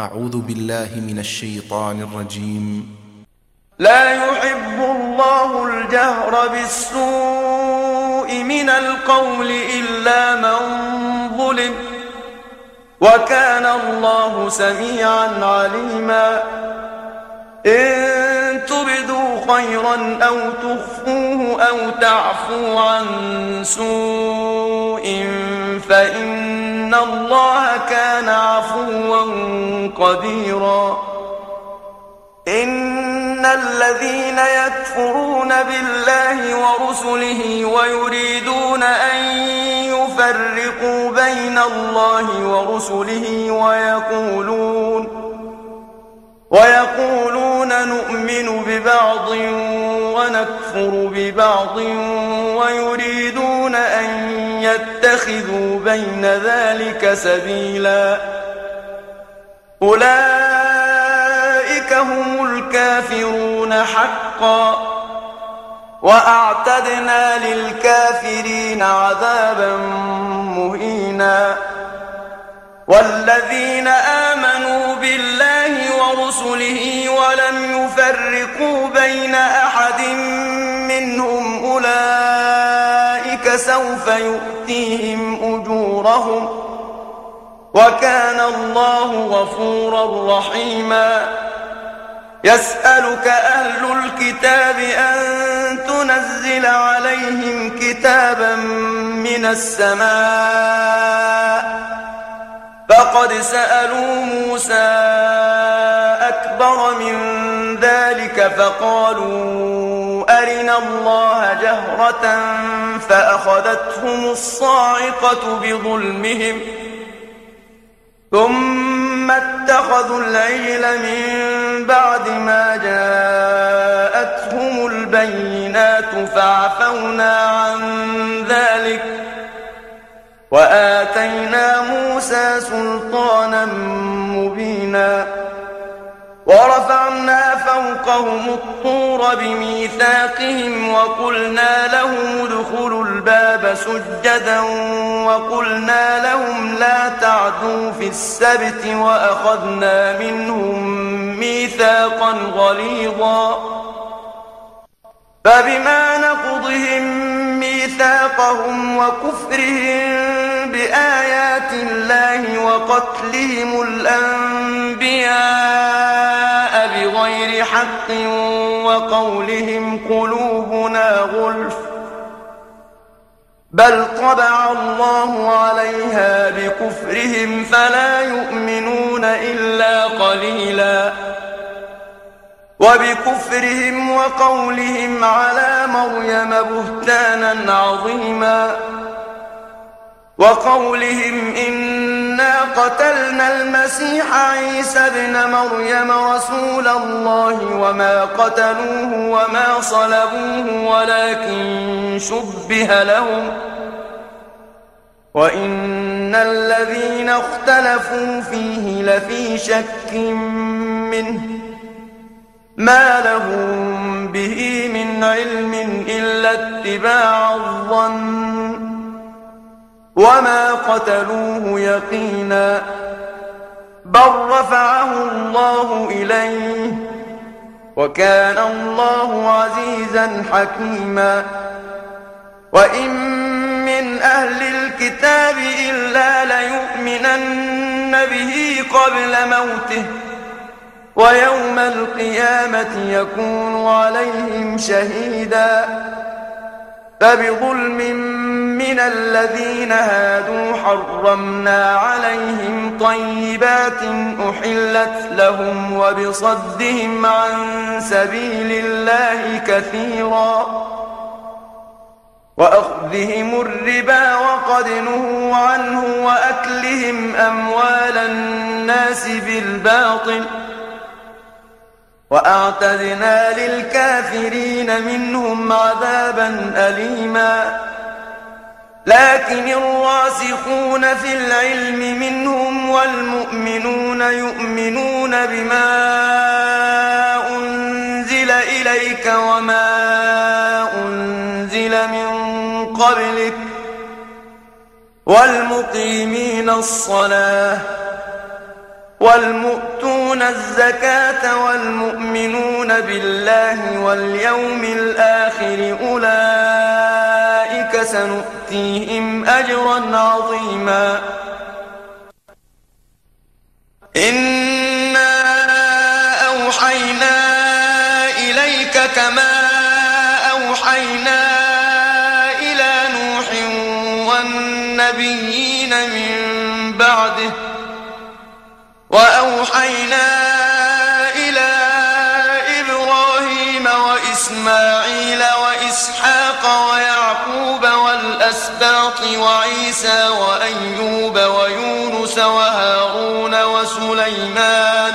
أعوذ بالله من الشيطان الرجيم لا يحب الله الجهر بالسوء من القول إلا من ظلم وكان الله سميعا عليما إن تبدوا خيرا أو تخفوه أو تعفو عن سوء فإن الله كان عفوا قديرا إن الذين يكفرون بالله ورسله ويريدون أن يفرقوا بين الله ورسله ويقولون ويقولون يكون نؤمن ببعض ونكفر ببعض ويريدون أن يتخذوا بين ذلك سبيلا أولئك هم الكافرون حقا وأعتدنا للكافرين عذابا مهينا والذين آمنوا بالله ورسله ولم يفرقوا بين أحد منهم أولئك سوف يؤتيهم أجورهم وكان الله غفورا رحيما يسألك أهل الكتاب أن تنزل عليهم كتابا من السماء فقد سألوا موسى أكبر من ذلك فقالوا أرنا الله جهرة فأخذتهم الصاعقة بظلمهم ثم اتخذوا العجل من بعد ما جاءتهم البينات فعفونا عن ذلك وآتينا موسى سلطانا مبينا ورفعنا فوقهم الطور بميثاقهم وقلنا لهم ادخلوا الباب سجدا وقلنا لهم لا تعدوا في السبت وأخذنا منهم ميثاقا غليظا فبما نقضهم ميثاقهم وكفرهم بآيات الله وقتلهم الأنبياء بغير حق وقولهم قلوبنا غلف بل طبع الله عليها بكفرهم فلا يؤمنون إلا قليلاً وبكفرهم وقولهم على مريم بهتانا عظيما وقولهم إنا قتلنا المسيح عيسى ابن مريم رسول الله وما قتلوه وما صلبوه ولكن شبه لهم وإن الذين اختلفوا فيه لفي شك منه ما لهم به من علم إلا اتباع الظن وما قتلوه يقينا بل رفعه الله إليه وكان الله عزيزا حكيما وإن من أهل الكتاب إلا ليؤمنن به قبل موته ويوم القيامة يكون عليهم شهيدا فبظلم من الذين هادوا حرمنا عليهم طيبات أحلت لهم وبصدهم عن سبيل الله كثيرا وأخذهم الربا وقد نهوا عنه وأكلهم أموال الناس بالباطل وأعتدنا للكافرين منهم عذابا أليما لكن الراسخون في العلم منهم والمؤمنون يؤمنون بما أنزل إليك وما أنزل من قبلك والمقيمين الصلاة والمؤتون الزكاة والمؤمنون بالله واليوم الآخر أولئك سنؤتيهم أجرا عظيما إنا أوحينا إليك كما أوحينا إلى نوح والنبيين وأوحينا إلى إبراهيم وإسماعيل وإسحاق ويعقوب والأسباط وعيسى وأيوب ويونس وهارون وسليمان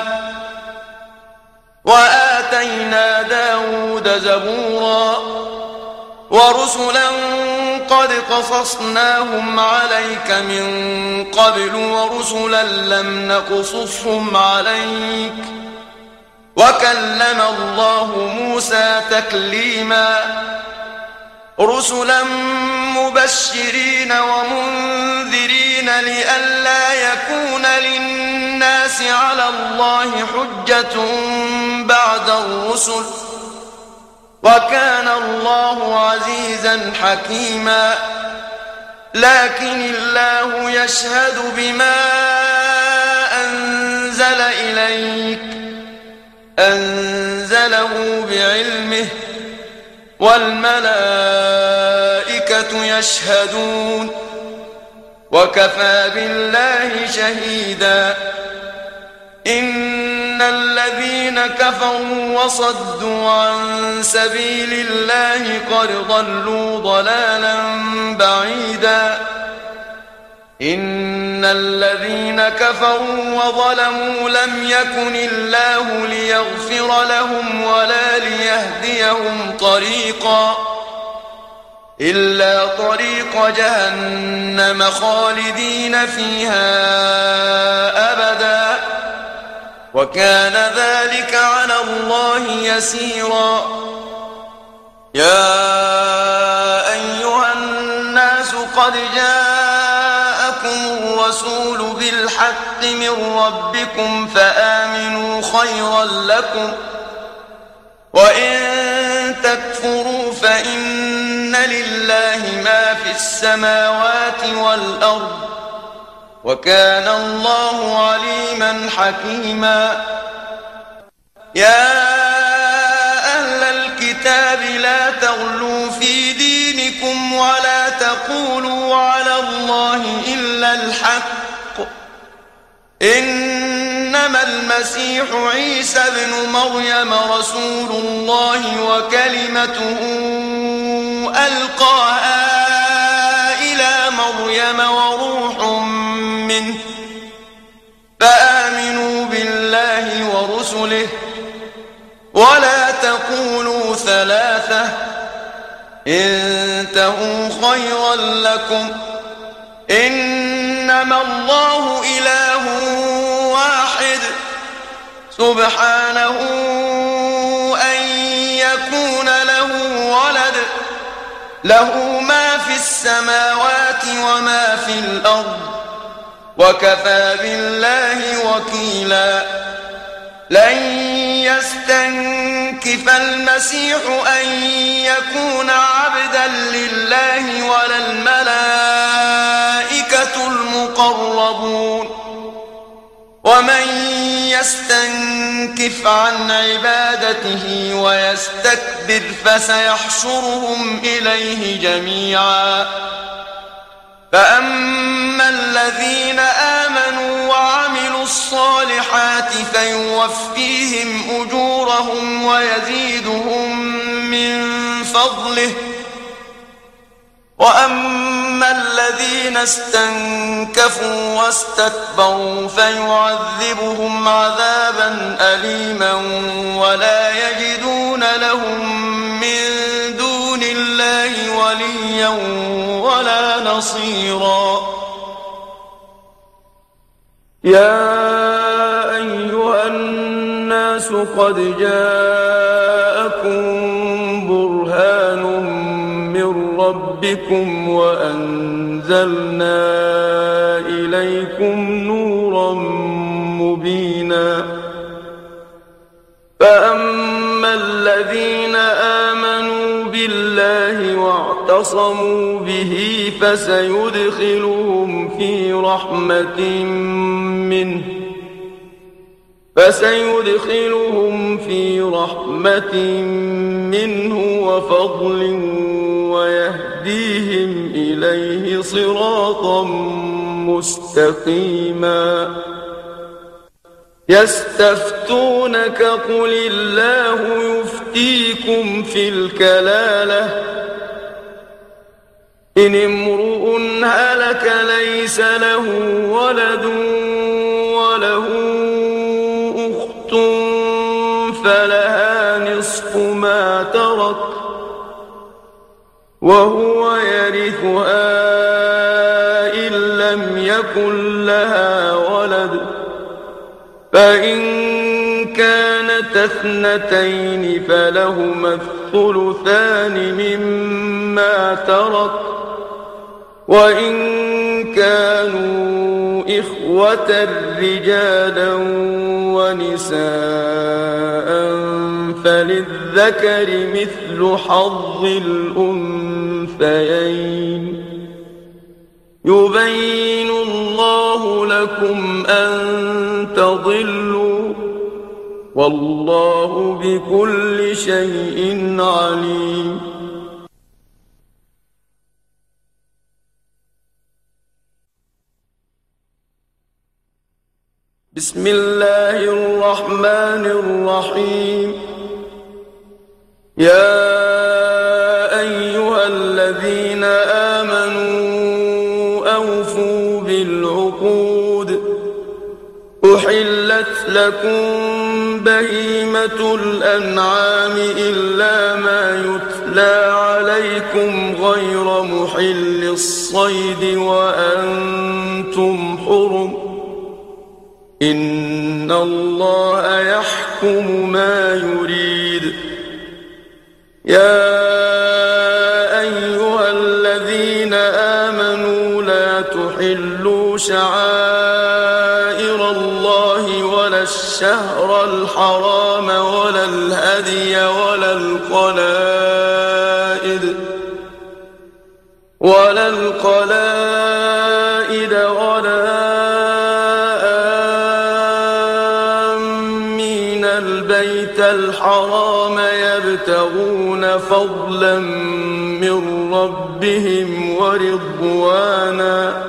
وآتينا داود زبورا ورسلا قد قصصناهم عليك من قبل ورسلا لم نقصصهم عليك وكلم الله موسى تكليما رسلا مبشرين ومنذرين لئلا يكون للناس على الله حجة بعد الرسل وكان الله عزيزا حكيما لكن الله يشهد بما أنزل إليك أنزله بعلمه والملائكة يشهدون وكفى بالله شهيداً إن الذين كفروا وصدوا عن سبيل الله قد ضلوا ضلالا بعيدا إن الذين كفروا وظلموا لم يكن الله ليغفر لهم ولا ليهديهم طريقا إلا طريق جهنم خالدين فيها أبداً وكان ذلك على الله يسيرا يا أيها الناس قد جاءكم الرسول بالحق من ربكم فآمنوا خيرا لكم وإن تكفروا فإن لله ما في السماوات والأرض وكان الله عليما حكيما يا أهل الكتاب لا تغلوا في دينكم ولا تقولوا على الله إلا الحق إنما المسيح عيسى بن مريم رسول الله وكلمته ألقاها رسله ولا تقولوا ثلاثة انتهوا خيرا لكم إنما الله إله واحد سبحانه أن يكون له ولد له ما في السماوات وما في الأرض وكفى بالله وكيلاً لن يستنكف المسيح أن يكون عبدا لله ولا الملائكة المقربون ومن يستنكف عن عبادته ويستكبر فسيحشرهم إليه جميعا فأما الذين آمنوا الصالحات فيوفيهم أجورهم ويزيدهم من فضله وأما الذين استنكفوا واستكبروا فيعذبهم عذابا أليما ولا يجدون لهم من دون الله وليا ولا نصيراً يا أيها الناس قد جاءكم برهان من ربكم وأنزلنا إليكم نورا مبينا فأما الذين آمنوا الله واعتصموا به فسيدخلهم في رحمة منه فسيدخلهم في رحمة منه وفضل ويهديهم إليه صراطا مستقيما يستفتونك قل الله يفتيكم في الكلالة إن امرؤ هلك ليس له ولد وله أخت فلها نصف ما ترك وهو يرثها إن لم يكن لها ولد فإن كانت اثنتين فلهما الثلثان مما ترك وإن كانوا إخوة رجالا ونساء فللذكر مثل حظ الأنثيين يبين الله لكم أن تضلوا والله بكل شيء عليم بسم الله الرحمن الرحيم يا أيها الذين آمنوا لكم بهيمة الأنعام إلا ما يتلى عليكم غير محل الصيد وأنتم حرم إن الله يحكم ما يريد يا أيها الذين آمنوا لا تحلوا شعائر الله الشهر الحرام ولا الهدي ولا القلائد ولا القلائد ولا آمين البيت الحرام يبتغون فضلا من ربهم ورضوانا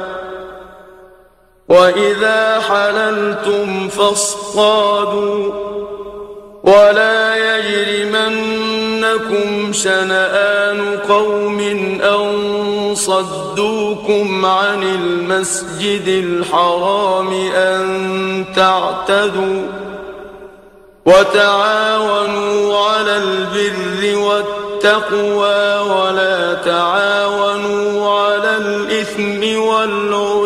وإذا حللتم فاصطادوا ولا يجرمنكم شنآن قوم أن صدوكم عن المسجد الحرام أن تعتدوا وتعاونوا على البر والتقوى ولا تعاونوا على الإثم والعدوان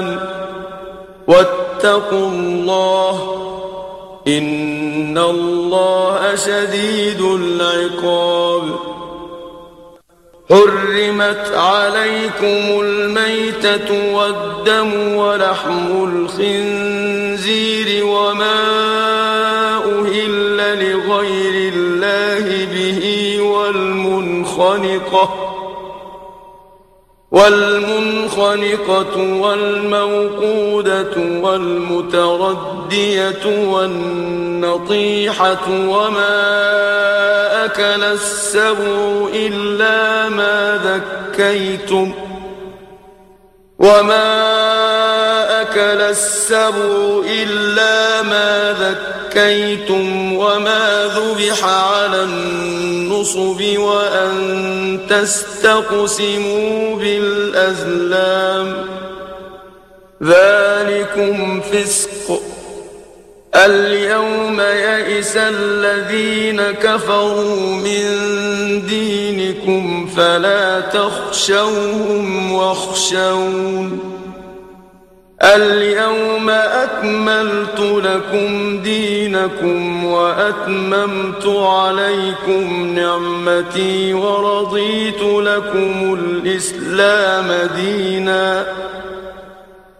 الرحمن واتقوا الله إن الله شديد العقاب حرمت عليكم الميتة والدم ولحم الخنزير وما أهل لغير الله به والمنخنقة والمنخنقة والموقودة والمتردية والنطيحة وما أكل السبع إلا ما ذكيتم وما أكل السبع إلا ما ذكيتم زكيتم وما ذبح على النصب وأن تستقسموا بالأزلام ذلكم فسق اليوم يئس الذين كفروا من دينكم فلا تخشوهم واخشون اليوم أكملت لكم دينكم وأتممت عليكم نعمتي ورضيت لكم الإسلام دينا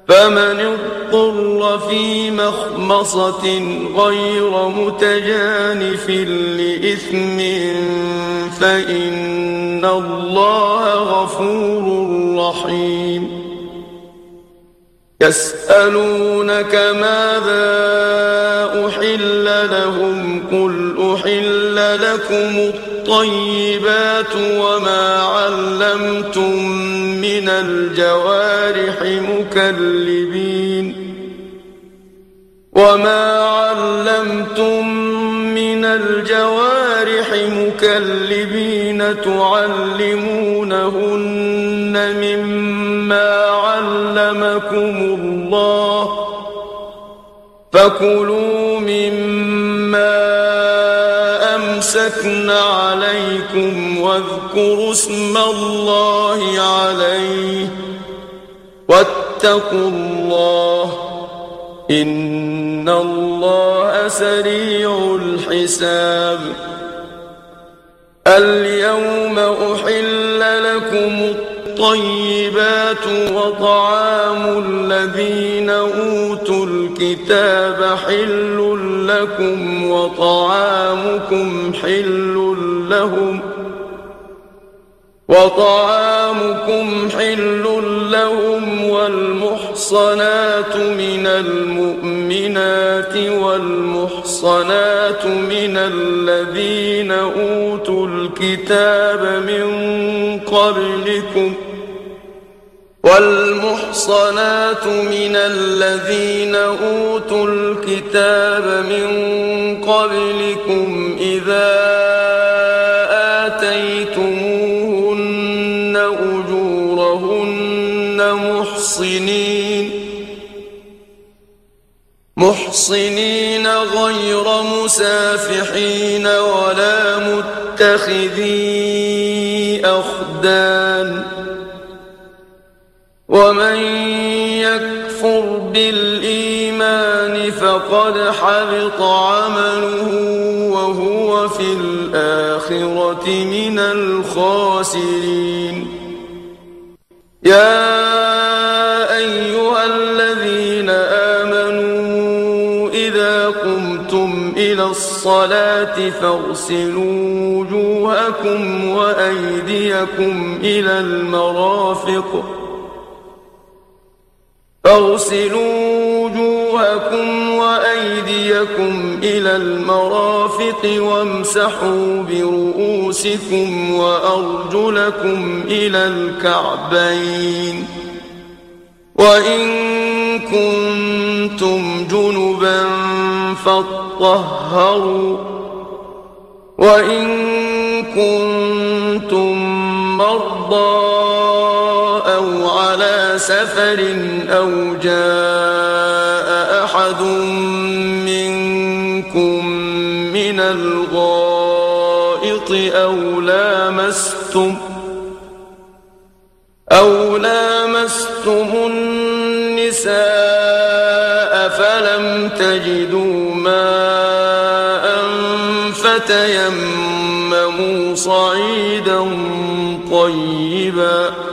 فمن اضطر في مخمصة غير متجانف لإثم فإن الله غفور رحيم يسألونك ماذا أحل لهم قل أحل لكم الطيبات وما علمتم من الجوارح مكلبين وما علمتم من الجوارح مكلبين تعلمونهن مما أطعمكم الله فكلوا مما أمسكن عليكم واذكروا اسم الله عليه واتقوا الله إن الله سريع الحساب اليوم أحل لكم الطيبات وطعام الكتاب حل لكم وطعامكم حل لهم وطعامكم حل لهم والمحصنات من المؤمنات والمحصنات من الذين أوتوا الكتاب من قبلكم ۖ والمحصنات من الذين أوتوا الكتاب من قبلكم إذا آتيتموهن أجورهن محصنين محصنين غير مسافحين ولا متخذي أخدان ومن يكفر بالإيمان فقد حبط عمله وهو في الآخرة من الخاسرين يا أيها الذين آمنوا إذا قمتم إلى الصلاة فاغسلوا وجوهكم وأيديكم إلى المرافق فاغسلوا وجوهكم وأيديكم إلى المرافق وامسحوا برؤوسكم وأرجلكم إلى الكعبين وإن كنتم جنبا فاطهروا وإن كنتم مرضى على سفر أو جاء أحد منكم من الغائط أو لامستم أو لامستم النساء فلم تجدوا ماء فتيمموا صعيدا طيبا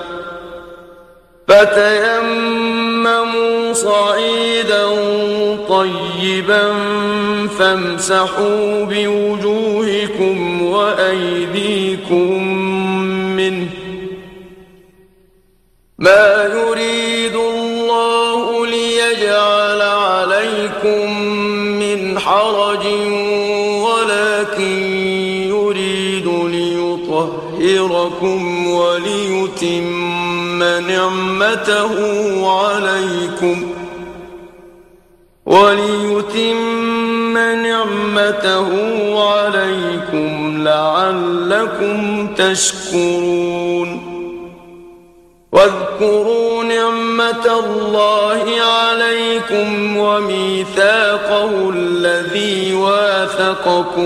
فتيمموا صعيدا طيبا فامسحوا بوجوهكم وأيديكم منه ما يريد الله ليجعل عليكم من حرج ولكن يريد ليطهركم وليتم نعمته عليكم وليتم نعمته عليكم لعلكم تشكرون واذكروا نعمة الله عليكم وميثاقه الذي واثقكم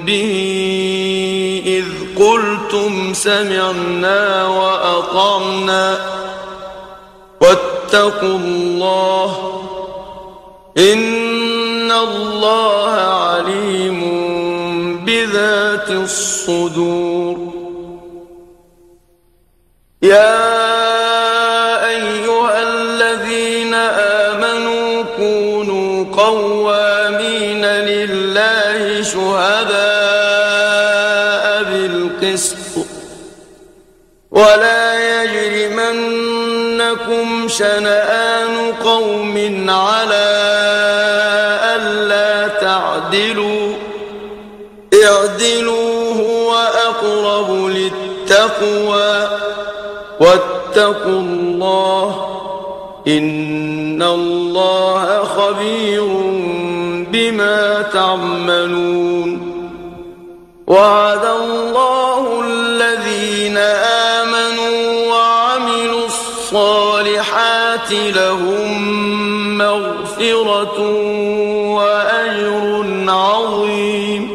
به إذ قلتم سمعنا وأطعنا واتقوا الله إن الله عليم بذات الصدور يا أيها الذين آمنوا كونوا قوامين لله شهادا ولا يجرمنكم شنآن قوم على ألا تعدلوا اعدلوا هو أقرب للتقوى واتقوا الله إن الله خبير بما تعملون وعد الله لهم مغفرة وأجر عظيم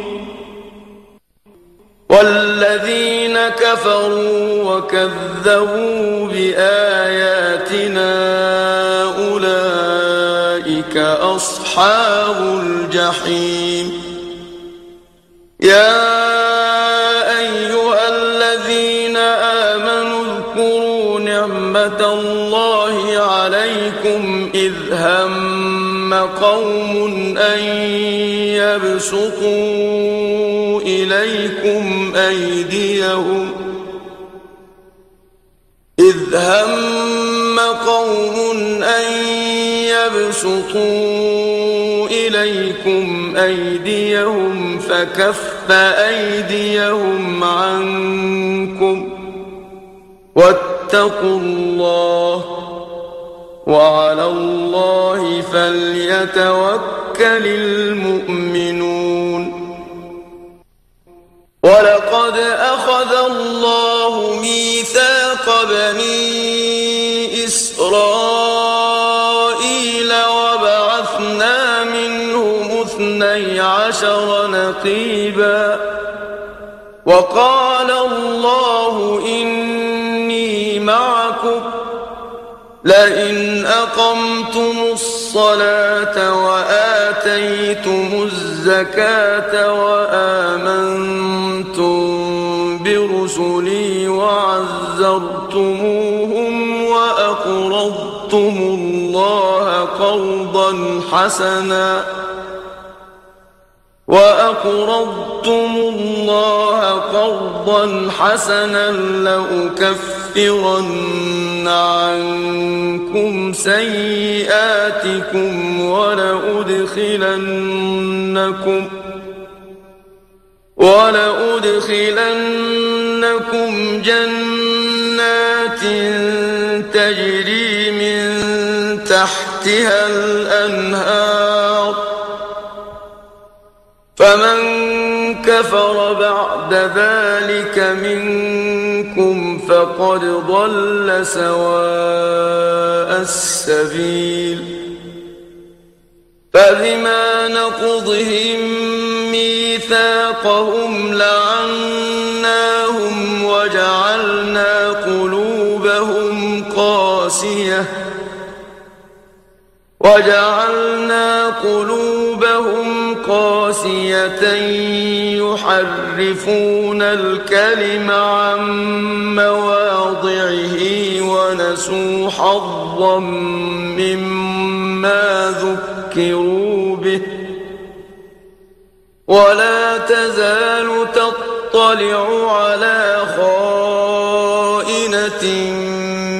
والذين كفروا وكذبوا بآياتنا أولئك أصحاب الجحيم يا أيها الذين آمنوا اذكروا نعمة الله عليكم إذ هم قوم أن يبسطوا إليكم أيديهم إذ هم قوم أن يبسطوا إليكم أيديهم فكف أيديهم عنكم واتقوا الله وعلى الله فليتوكل المؤمنون ولقد أخذ الله ميثاق بني إسرائيل وبعثنا منهم اثني عشر نقيبا وقال الله إني معكم لئن أقمتم الصلاة وآتيتم الزكاة وآمنتم برسلي وعزرتموهم وأقرضتم الله قرضا حسناً وأقرضتم الله قرضا حسنا لأكفرن عنكم سيئاتكم ولأدخلنكم ولأدخلنكم جنات تجري من تحتها الأنهار فمن كفر بعد ذلك منكم فقد ضل سواء السبيل فبما نقضهم ميثاقهم لعناهم وجعلنا قلوبهم قاسية وجعلنا قلوبهم قاسية يحرفون الكلم عن مواضعه ونسوا حظا مما ذكروا به ولا تزال تطلع على خائنة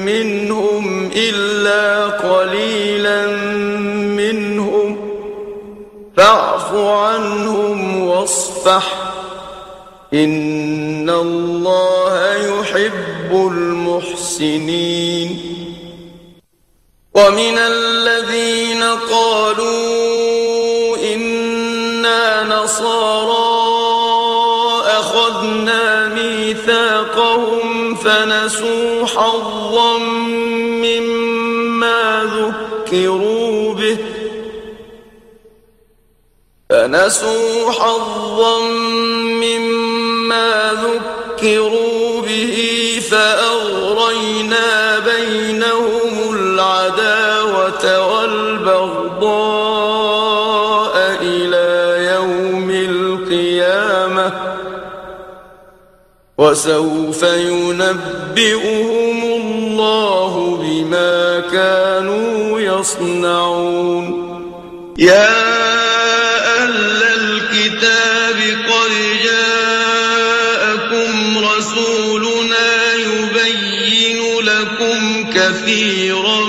منهم إلا قليلا منهم فاعف عنهم واصفح إن الله يحب المحسنين ومن الذين قالوا إنا نصارى أخذنا ميثاقهم فنسوا حظا مما ذكروا فنسوا حظا مما ذكروا به فأغرينا بينهم العداوة والبغضاء إلى يوم القيامة وسوف ينبئهم الله بما كانوا يصنعون يا الكتاب قد جاءكم رسولنا يبين لكم كثيرا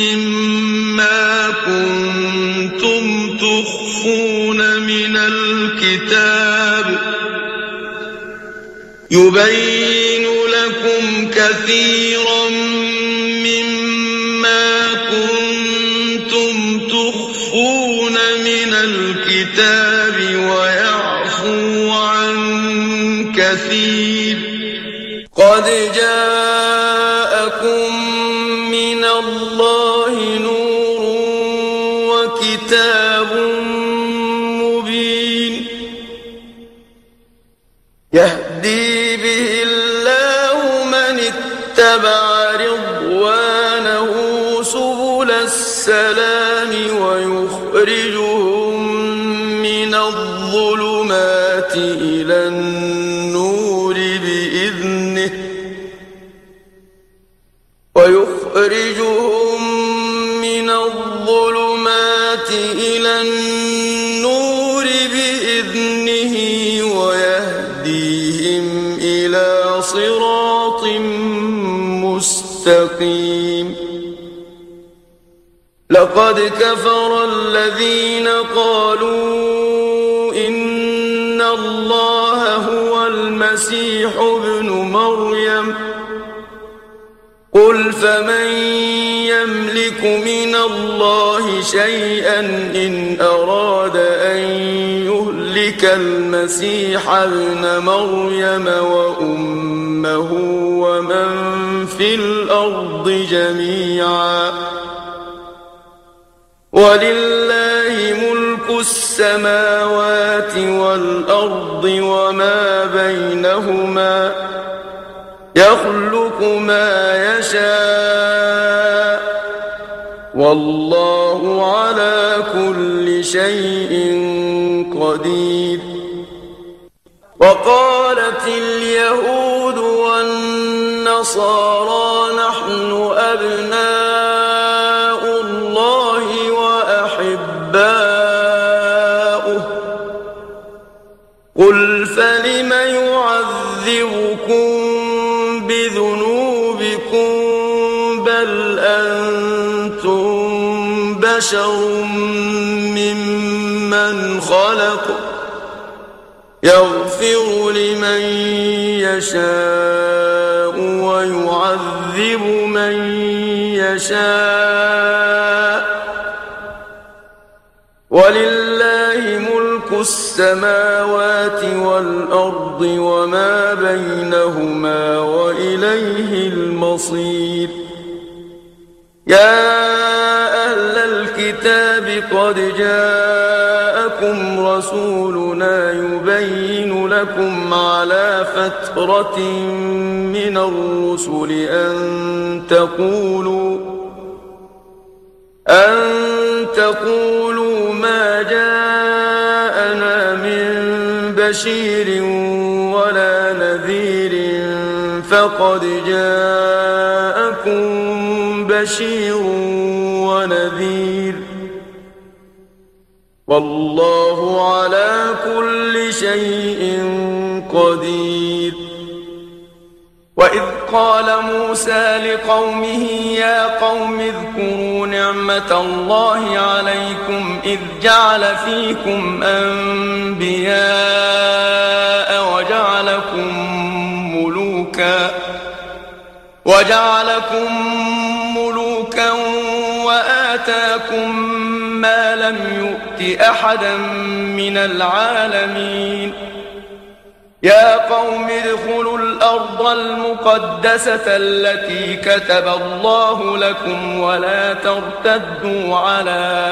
مما كنتم تخفون من الكتاب يبين لكم كثيرا مما قد جاء مستقيم لقد كفر الذين قالوا إن الله هو المسيح ابن مريم قل فمن يملك من الله شيئا إن أراد أن يهلك المسيح ابن مريم وأمه ومن في الأرض جميعا ولله ملك السماوات والأرض وما بينهما يخلق ما يشاء والله على كل شيء قدير وقالت اليهود والنصارى نحن أبناء الله وأحباؤه قل فلم يعذبكم بذنوبكم بل أنتم بشر مَنْ خَلَقَ يَغْفِرُ لِمَنْ يَشَاءُ وَيُعَذِّبُ مَنْ يَشَاءُ وَلِلَّهِ مُلْكُ السَّمَاوَاتِ وَالْأَرْضِ وَمَا بَيْنَهُمَا وَإِلَيْهِ الْمَصِيرُ يا أهل الكتاب قد جاءكم رسولنا يبين لكم على فترة من الرسل أن تقولوا أن تقولوا ما جاءنا من بشير ولا نذير فقد جاءكم بشير ونذير والله على كل شيء قدير وإذ قال موسى لقومه يا قوم اذكروا نعمة الله عليكم إذ جعل فيكم أنبياء ملوكا وجعلكم ملوكا وآتاكم ما لم يؤت أحدا من العالمين يا قوم ادخلوا الأرض المقدسة التي كتب الله لكم ولا ترتدوا على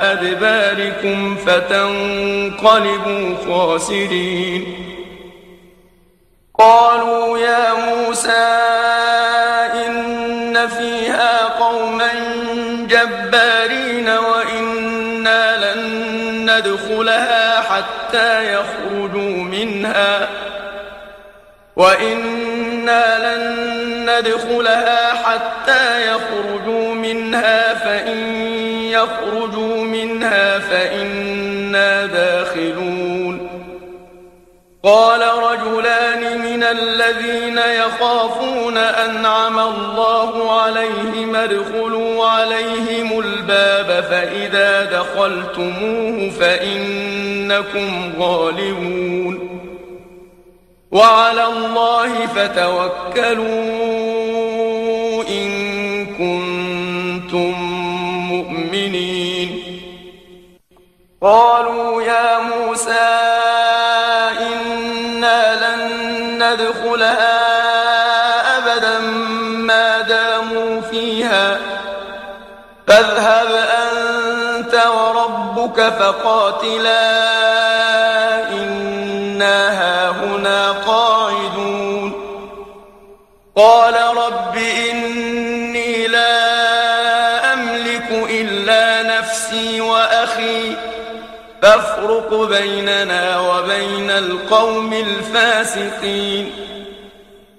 أدباركم فتنقلبوا خاسرين قالوا يا موسى إن فيها قوما جبارين وإنا لن ندخلها حتى يخرجوا منها وإنا لن ندخلها حتى يخرجوا منها فإن يخرجوا منها فإنا داخلون قال رجلان من الذين يخافون أنعم الله عليهم ادخلوا عليهم الباب فإذا دخلتموه فإنكم غالبون وعلى الله فتوكلوا إن كنتم مؤمنين قالوا يا موسى يدخلها أبدا ما داموا فيها فاذهب أنت وربك فقاتلا إنا هاهنا قاعدون قال رب إني لا أملك إلا نفسي وأخي فافرق بيننا وبين القوم الفاسقين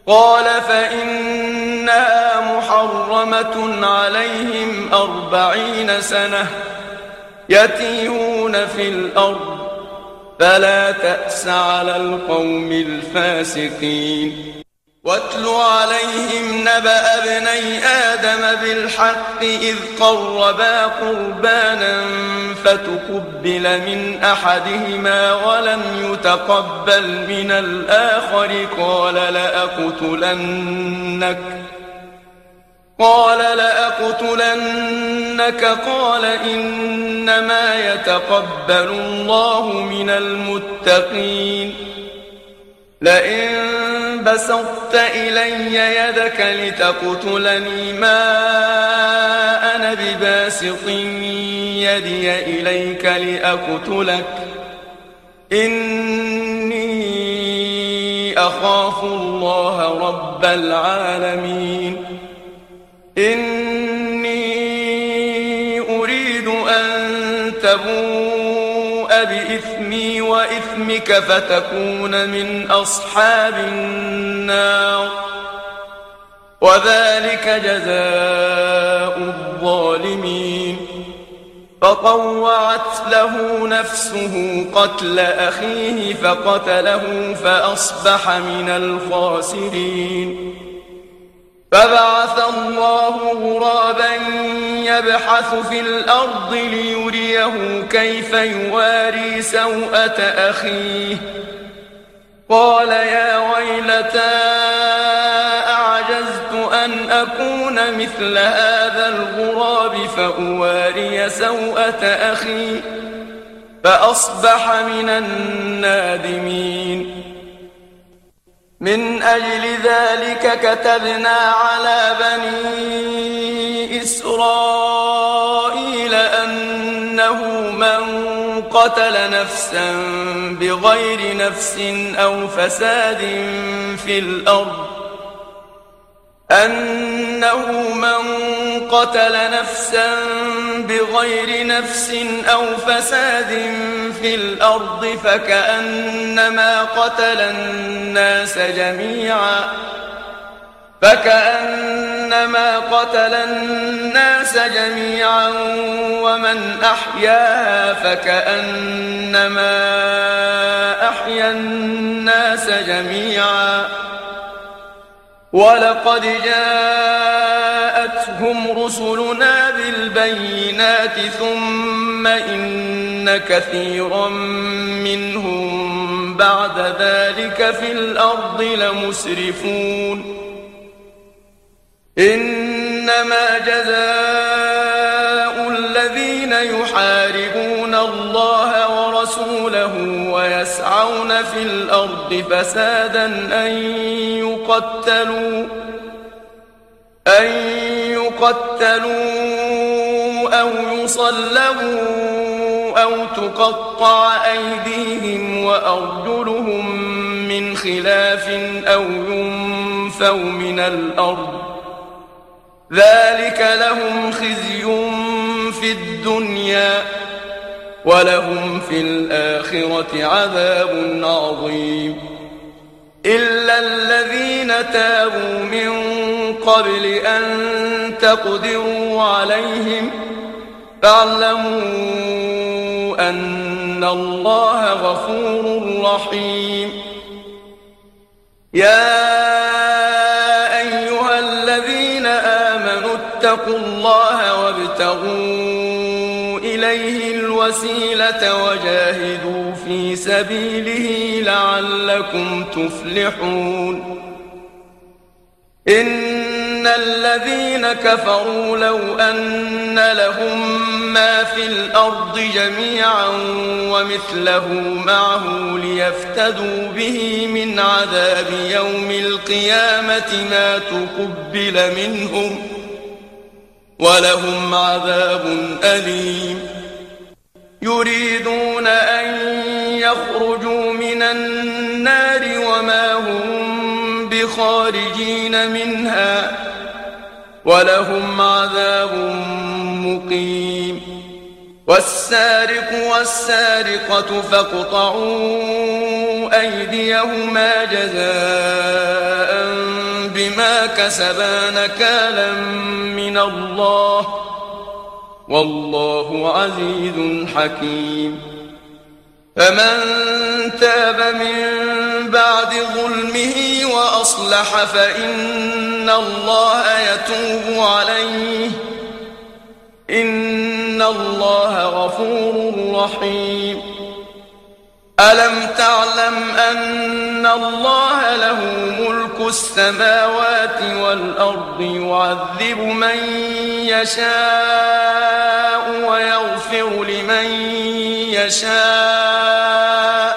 قال فإنها محرمة عليهم أربعين سنة يتيهون في الأرض فلا تأس على القوم الفاسقين واتل عليهم نبأ ابني آدم بالحق إذ قربا قربانا فتقبل من أحدهما ولم يتقبل من الآخر قال لأقتلنك قال لأقتلنك قال إنما يتقبل الله من المتقين لئن بسطت إلي يدك لتقتلني ما أنا بباسط يدي إليك لأقتلك إني أخاف الله رب العالمين إني أريد أن تبور بإثمي وإثمك فتكون من أصحاب النار وذلك جزاء الظالمين فطوعت له نفسه قتل أخيه فقتله فأصبح من الخاسرين فبعث الله غرابا يبحث في الأرض ليريه كيف يواري سوءة أخيه قال يا ويلتى أعجزت أن أكون مثل هذا الغراب فأواري سوءة أخي فأصبح من النادمين من أجل ذلك كتبنا على بني إسرائيل أنه من قتل نفسا بغير نفس أو فساد في الأرض أنه من قتل نفسا بغير نفس أو فساد في الأرض فكأنما قتل الناس جميعا فكأنما قتل الناس جميعا ومن أحياها فكأنما أحيا الناس جميعا ولقد جاءتهم رسلنا بالبينات ثم إن كثيرا منهم بعد ذلك في الأرض لمسرفون إنما جزاء الذين يحاربون الله ورسوله ويسعون في الأرض فسادا أن يقتلوا أن يقتلوا أو يصلبوا أو تقطع أيديهم وأرجلهم من خلاف أو ينفوا من الأرض ذلك لهم خزي في الدنيا ولهم في الآخرة عذاب عظيم إلا الذين تابوا من قبل أن تقدروا عليهم فاعلموا أن الله غفور رحيم يا فاتقوا الله وابتغوا إليه الوسيلة وجاهدوا في سبيله لعلكم تفلحون إن الذين كفروا لو أن لهم ما في الأرض جميعا ومثله معه ليفتدوا به من عذاب يوم القيامة ما تقبل منهم ۖ ولهم عذاب أليم يريدون أن يخرجوا من النار وما هم بخارجين منها ولهم عذاب مقيم والسارق والسارقة فاقطعوا أيديهما جزاءً بما كسبا نكالا من الله والله عزيز حكيم فمن تاب من بعد ظلمه وأصلح فإن الله يتوب عليه إن الله غفور رحيم ألم تعلم أن الله له السماوات والأرض يعذب من يشاء ويغفر لمن يشاء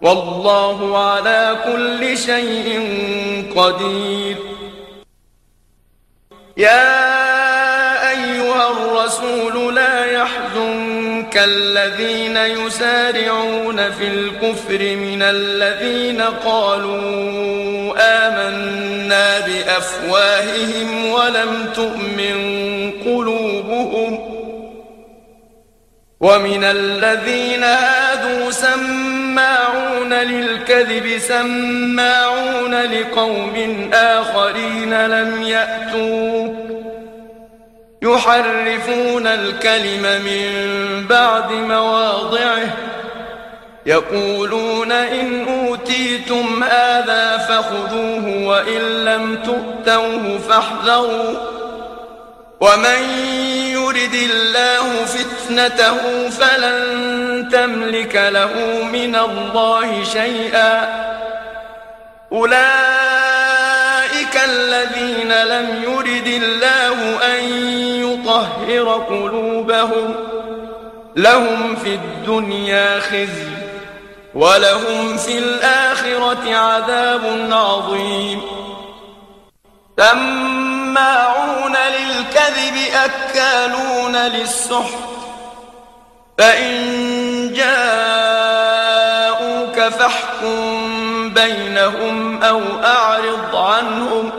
والله على كل شيء قدير يا كالذين يسارعون في الكفر من الذين قالوا آمنا بأفواههم ولم تؤمن قلوبهم ومن الذين هادوا سماعون للكذب سماعون لقوم آخرين لم يأتوك يحرفون الكلم من بعد مواضعه يقولون إن أوتيتم هذا فخذوه وإن لم تؤتوه فاحذروا ومن يرد الله فتنته فلن تملك له من الله شيئا أولئك الذين لم يرد الله أن يطهر قلوبهم لهم في الدنيا خزي ولهم في الآخرة عذاب عظيم سماعون للكذب أكالون للسحت فإن جاءوك فاحكم بينهم أو أعرض عنهم ۖ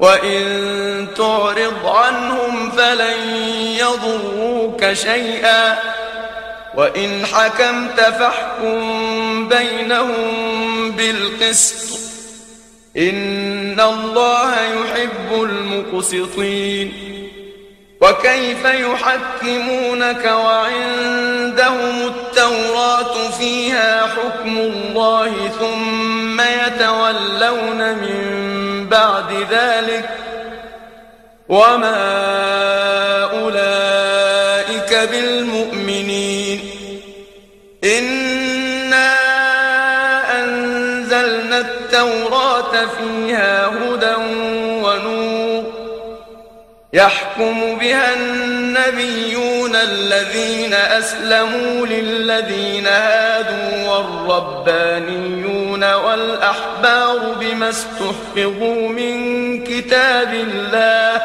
وإن تعرض عنهم فلن يضروك شيئا وإن حكمت فاحكم بينهم بالقسط إن الله يحب المقسطين وكيف يحكمونك وعندهم التوراة فيها حكم الله ثم يتولون من بعد ذلك وما أولئك بالمؤمنين إنا أنزلنا التوراة فيها هدى يحكم بها النبيون الذين أسلموا للذين هادوا والربانيون والأحبار بما استحفظوا من كتاب الله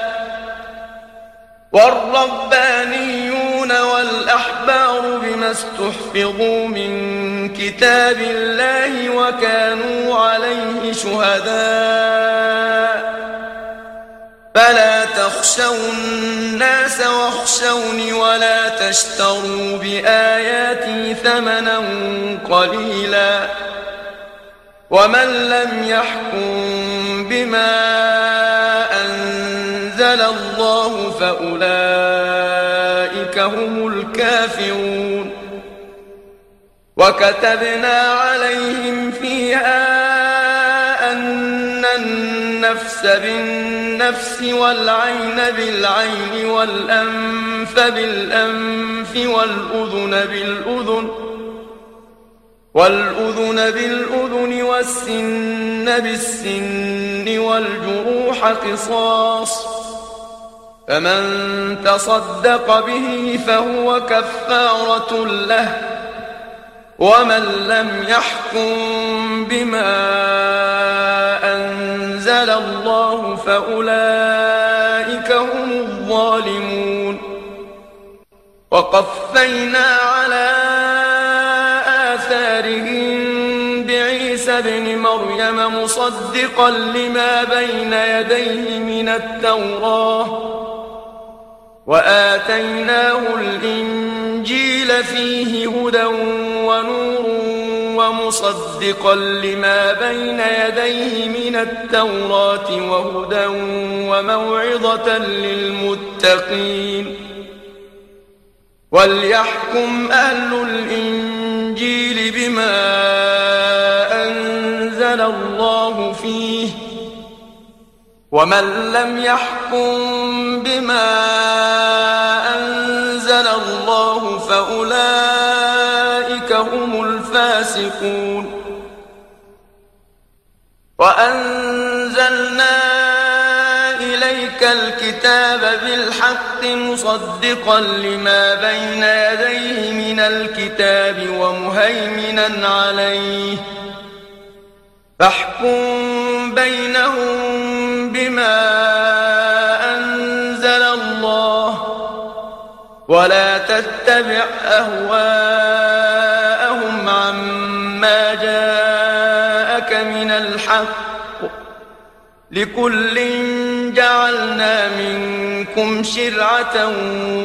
والربانيون والأحبار بما استحفظوا من كتاب الله وكانوا عليه شهداء فلا تخشوا الناس واخشوني ولا تشتروا بآياتي ثمنا قليلا ومن لم يحكم بما أنزل الله فأولئك هم الكافرون وكتبنا عليهم فيها النفس بالنفس والعين بالعين والأنف بالأنف والأذن بالأذن والأذن بالأذن والسن بالسن والجروح قصاص فمن تصدق به فهو كفارة له ومن لم يحكم بما أنزل الله فأولئك هم الظالمون وقفينا على آثارهم بعيسى بن مريم مصدقا لما بين يديه من التوراة وآتيناه الإنجيل فيه هدى ونور مصدقا لما بين يديه من التوراة وهدى وموعظة للمتقين وليحكم أهل الإنجيل بما أنزل الله فيه ومن لم يحكم بما أنزل الله فأولئك فاسقون وأنزلنا إليك الكتاب بالحق مصدقا لما بين يديه من الكتاب ومهيمنا عليه فاحكم بينهم بما أنزل الله ولا تتبع أهواءهم لهم عما جاءك من الحق لكل جعلنا منكم شرعة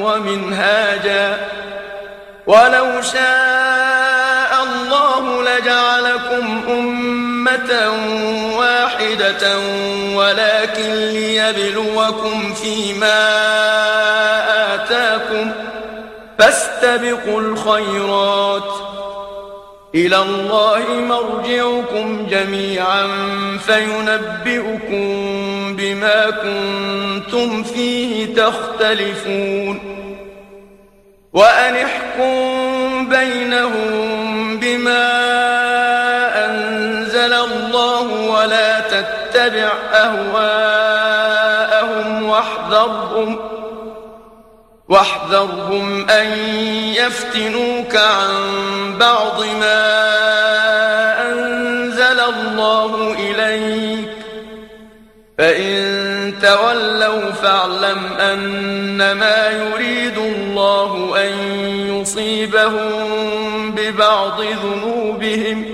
ومنهاجا ولو شاء الله لجعلكم أمة واحدة ولكن ليبلوكم فيما آتاكم فاستبقوا الخيرات إلى الله مرجعكم جميعا فينبئكم بما كنتم فيه تختلفون وأنحكم بينهم بما أنزل الله ولا تتبع أهواءهم واحذرهم واحذرهم أن يفتنوك عن بعض ما أنزل الله إليك فإن تولوا فاعلم أنما يريد الله أن يصيبهم ببعض ذنوبهم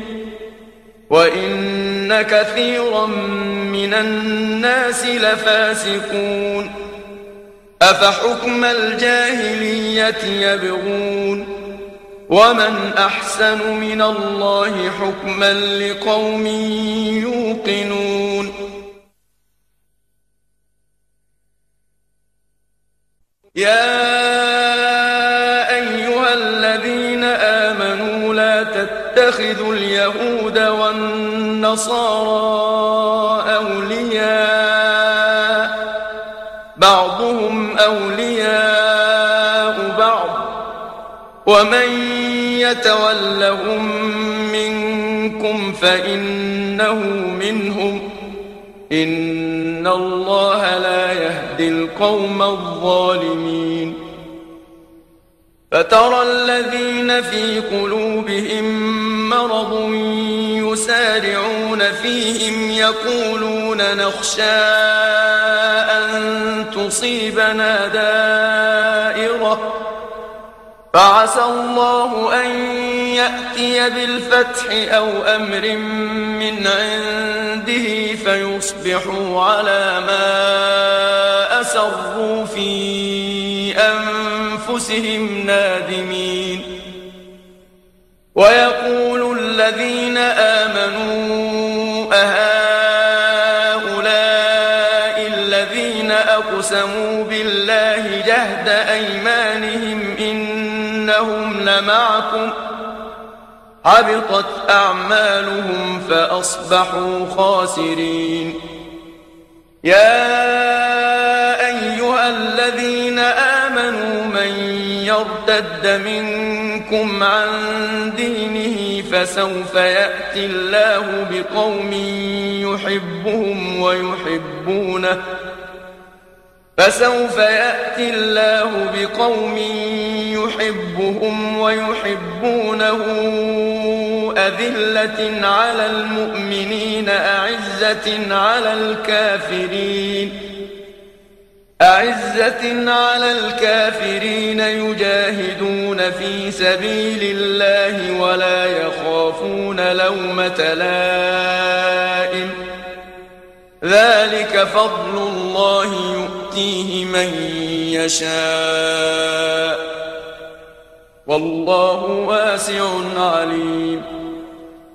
وإن كثيرا من الناس لفاسقون أفحكم الجاهلية يبغون ومن أحسن من الله حكما لقوم يوقنون يا أيها الذين آمنوا لا تتخذوا اليهود والنصارى أولياء بعض ومن يتولهم منكم فإنه منهم إن الله لا يهدي القوم الظالمين فترى الذين في قلوبهم مرض يسارعون فيهم يقولون نخشى أن تصيبنا دائرة فعسى الله أن يأتي بالفتح أو أمر من عنده فيصبحوا على ما أسروا فيه أنفسهم نادمين ويقول الذين آمنوا أهؤلاء الذين أقسموا بالله جهد أيمانهم إنهم لمعكم حبطت أعمالهم فأصبحوا خاسرين يا أيها يرتد منكم عن دينه فسوف يأتي الله بقوم يحبهم ويحبونه فسوف يأتي الله بقوم يحبهم ويحبونه أذلة على المؤمنين أعزة على الكافرين أعزة على الكافرين يجاهدون في سبيل الله ولا يخافون لومة لائم ذلك فضل الله يؤتيه من يشاء والله واسع عليم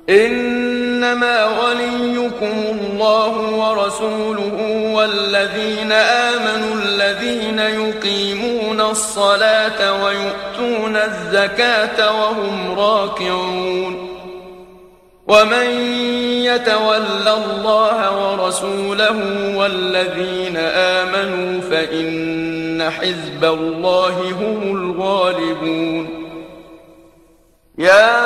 إن إنما وليكم الله ورسوله والذين آمنوا الذين يقيمون الصلاة ويؤتون الزكاة وهم راكعون ومن يتول الله ورسوله والذين آمنوا فإن حزب الله هم الغالبون يا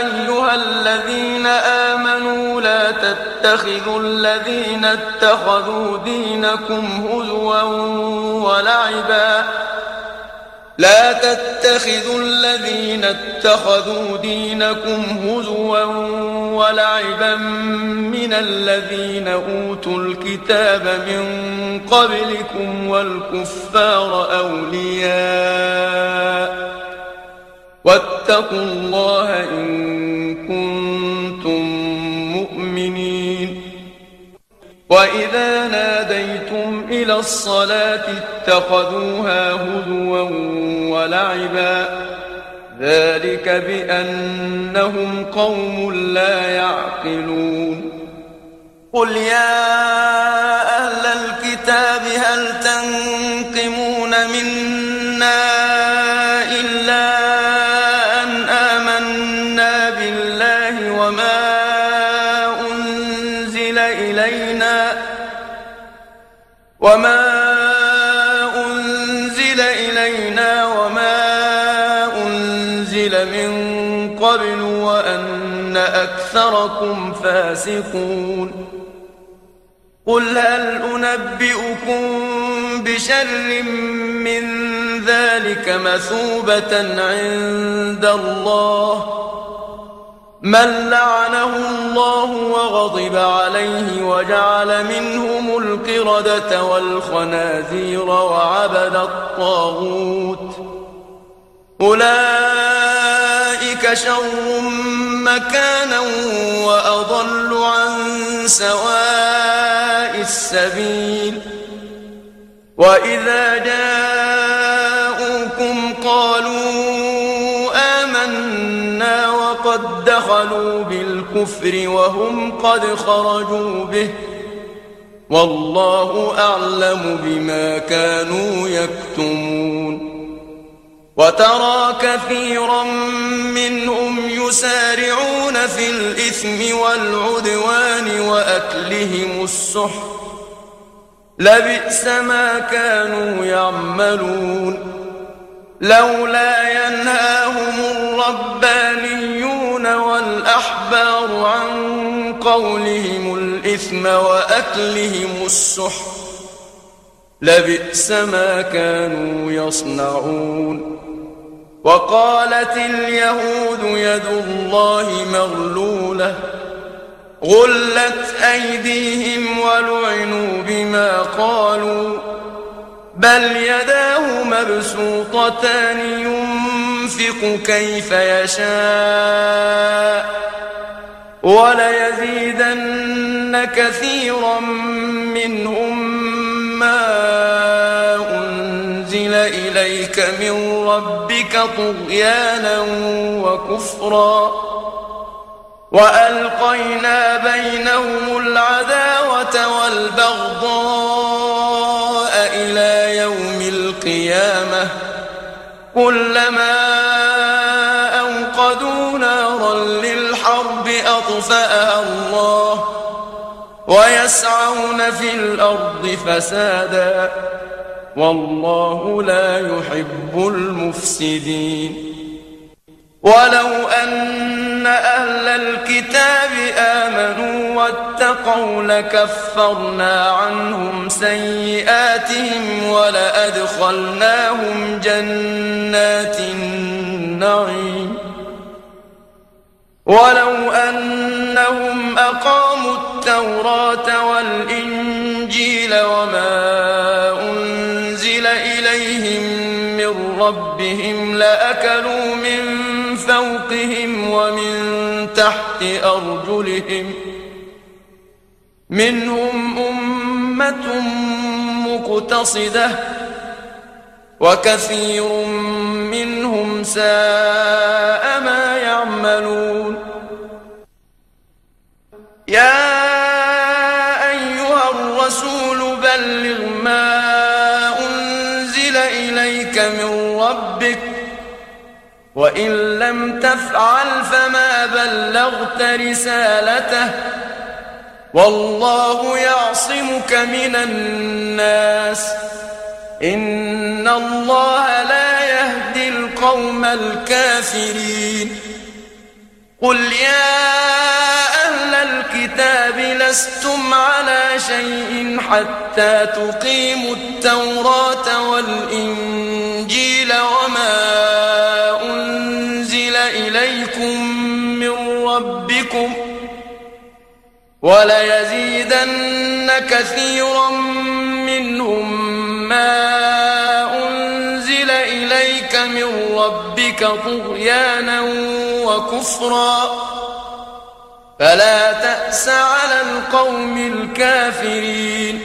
أيها الذين آمنوا لا تتخذوا الذين اتخذوا دينكم هزوا ولعبا لا تتخذوا الذين اتخذوا دينكم هزوا ولعبا من الذين أوتوا الكتاب من قبلكم والكفار أولياء واتقوا الله إن كنتم مؤمنين وإذا ناديتم إلى الصلاة اتخذوها هدوا ولعبا ذلك بأنهم قوم لا يعقلون قل يا أهل الكتاب هل تنقمون منا وما أنزل إلينا وما أنزل من قبل وأن أكثركم فاسقون قل هل أنبئكم بشر من ذلك مثوبة عند الله من لعنه الله وغضب عليه وجعل منهم القردة والخنازير وعبد الطاغوت أولئك شر مكانا وأضل عن سواء السبيل وإذا جاءوكم قالوا قد دخلوا بالكفر وهم قد خرجوا به والله أعلم بما كانوا يكتمون وترى كثيرا منهم يسارعون في الإثم والعدوان وأكلهم السحت لبئس ما كانوا يعملون لولا ينهاهم الربانيون والربانيون والأحبار عن قولهم الإثم وأكلهم السحر لبئس ما كانوا يصنعون وقالت اليهود يد الله مغلولة غلت أيديهم ولعنوا بما قالوا بل يداه مبسوطتان ينفقون ينفق كيف يشاء وليزيدن كثيرا منهم ما أنزل إليك من ربك طغيانا وكفرا وألقينا بينهم العداوة والبغضاء إلى يوم القيامة كلما أوقدوا نارا للحرب أطفأها الله ويسعون في الأرض فسادا والله لا يحب المفسدين ولو أن أهل الكتاب آمنوا واتقوا لكفرنا عنهم سيئاتهم ولأدخلناهم جنات النعيم ولو أنهم أقاموا التوراة والإنجيل وما أنزل إليهم من ربهم لأكلوا من فوقهم ومن تحت أرجلهم منهم أمة مقتصدة وكثير منهم ساء ما يعملون يا أيها الرسول بلغ وإن لم تفعل فما بلغت رسالته والله يعصمك من الناس إن الله لا يهدي القوم الكافرين قل يا أهل الكتاب لستم على شيء حتى تقيموا التوراة والإنجيل وما ربكم وليزيدن كثيرا منهم ما أنزل إليك من ربك طغيانا وكفرا فلا تأس على القوم الكافرين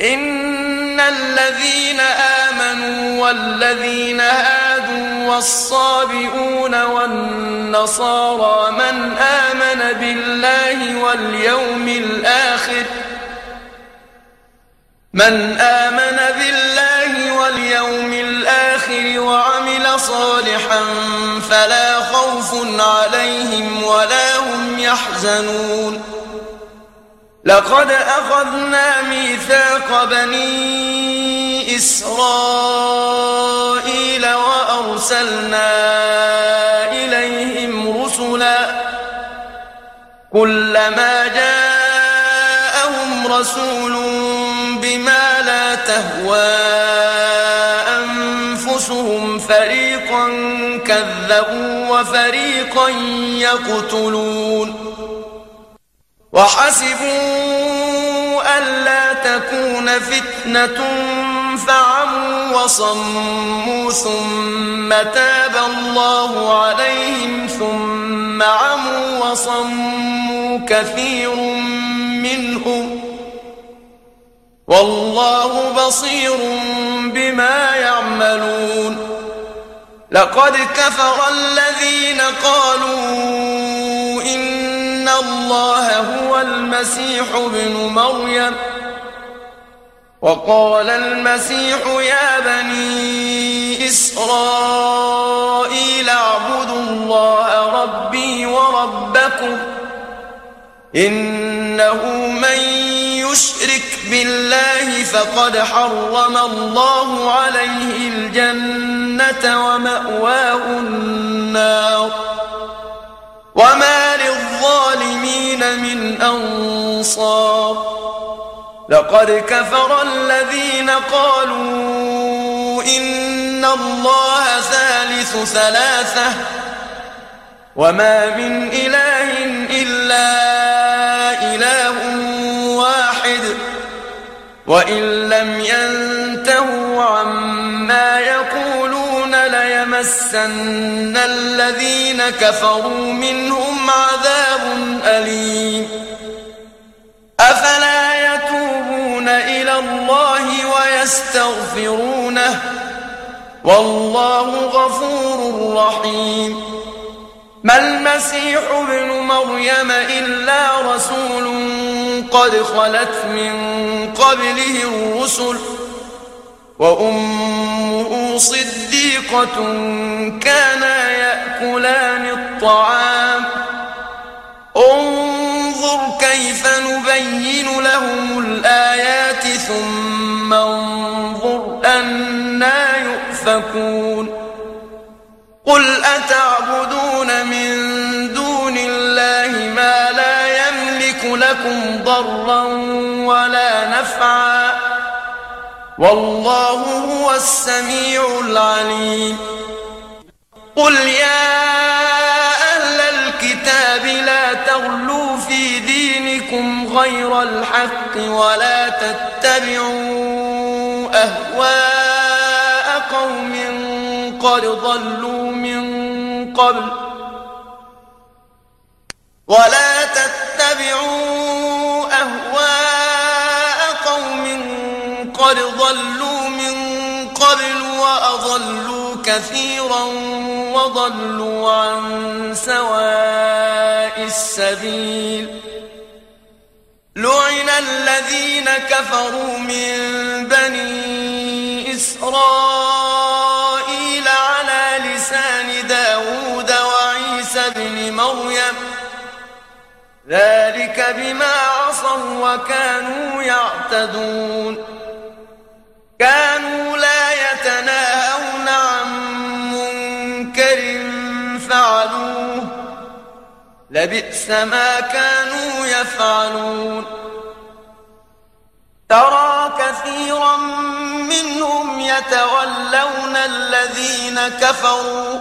إن الذين آمنوا والذين آمنوا والصابئون والنصارى من آمن بالله واليوم الآخر من آمن بالله واليوم الآخر وعمل صالحا فلا خوف عليهم ولا هم يحزنون لقد أخذنا ميثاق بنين إسرائيل وأرسلنا إليهم رسلا كلما جاءهم رسول بما لا تهوى أنفسهم فريقا كذبوا وفريقا يقتلون وحسبوا ألا تكون فتنة فعموا وصموا ثم تاب الله عليهم ثم عموا وصموا كثير منهم والله بصير بما يعملون لقد كفر الذين قالوا إن الله هو المسيح ابن مريم وقال المسيح يا بني إسرائيل اعبدوا الله ربي وربكم إنه من يشرك بالله فقد حرم الله عليه الجنة ومأواه النار وما للظالمين من أنصار لقد كفر الذين قالوا إن الله ثالث ثلاثة وما من إله إلا إله واحد وإن لم ينتهوا عما يقولون ليمسن الذين كفروا منهم عذاب أليم أفلا الله ويستغفرونه والله غفور رحيم ما المسيح ابن مريم إلا رسول قد خلت من قبله الرسل وأمه صديقة كانا يأكلان الطعام انظر كيف نور نبين لهم الآيات ثم انظر أنا يؤفكون قل أتعبدون من دون الله ما لا يملك لكم ضرا ولا نفعا والله هو السميع العليم قل يا أهل الكتاب لا تغلوا فيكم غير الحق ولا تتبعوا أهواء قوم قد ضلوا من قبل ولا تتبعوا أهواء قوم قد ضلوا من قبل وأضلوا كثيرا وضلوا عن سواء السبيل لعن الذين كفروا من بني إسرائيل على لسان داود وعيسى بن مريم ذلك بما عصوا وكانوا يعتدون كانوا لا يتناهون لبئس ما كانوا يفعلون ترى كثيرا منهم يتولون الذين كفروا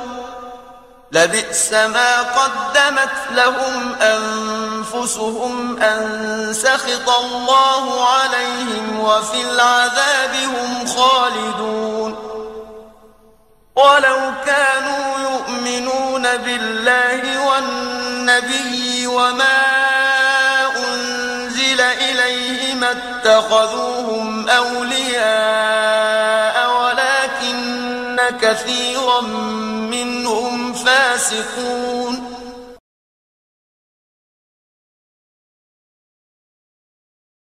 لبئس ما قدمت لهم أنفسهم أن سخط الله عليهم وفي العذاب هم خالدون ولو كانوا يؤمنون بالله والنبي النبي وما أنزل إليه ما اتخذوهم أولياء ولكن كثيرا منهم فاسقون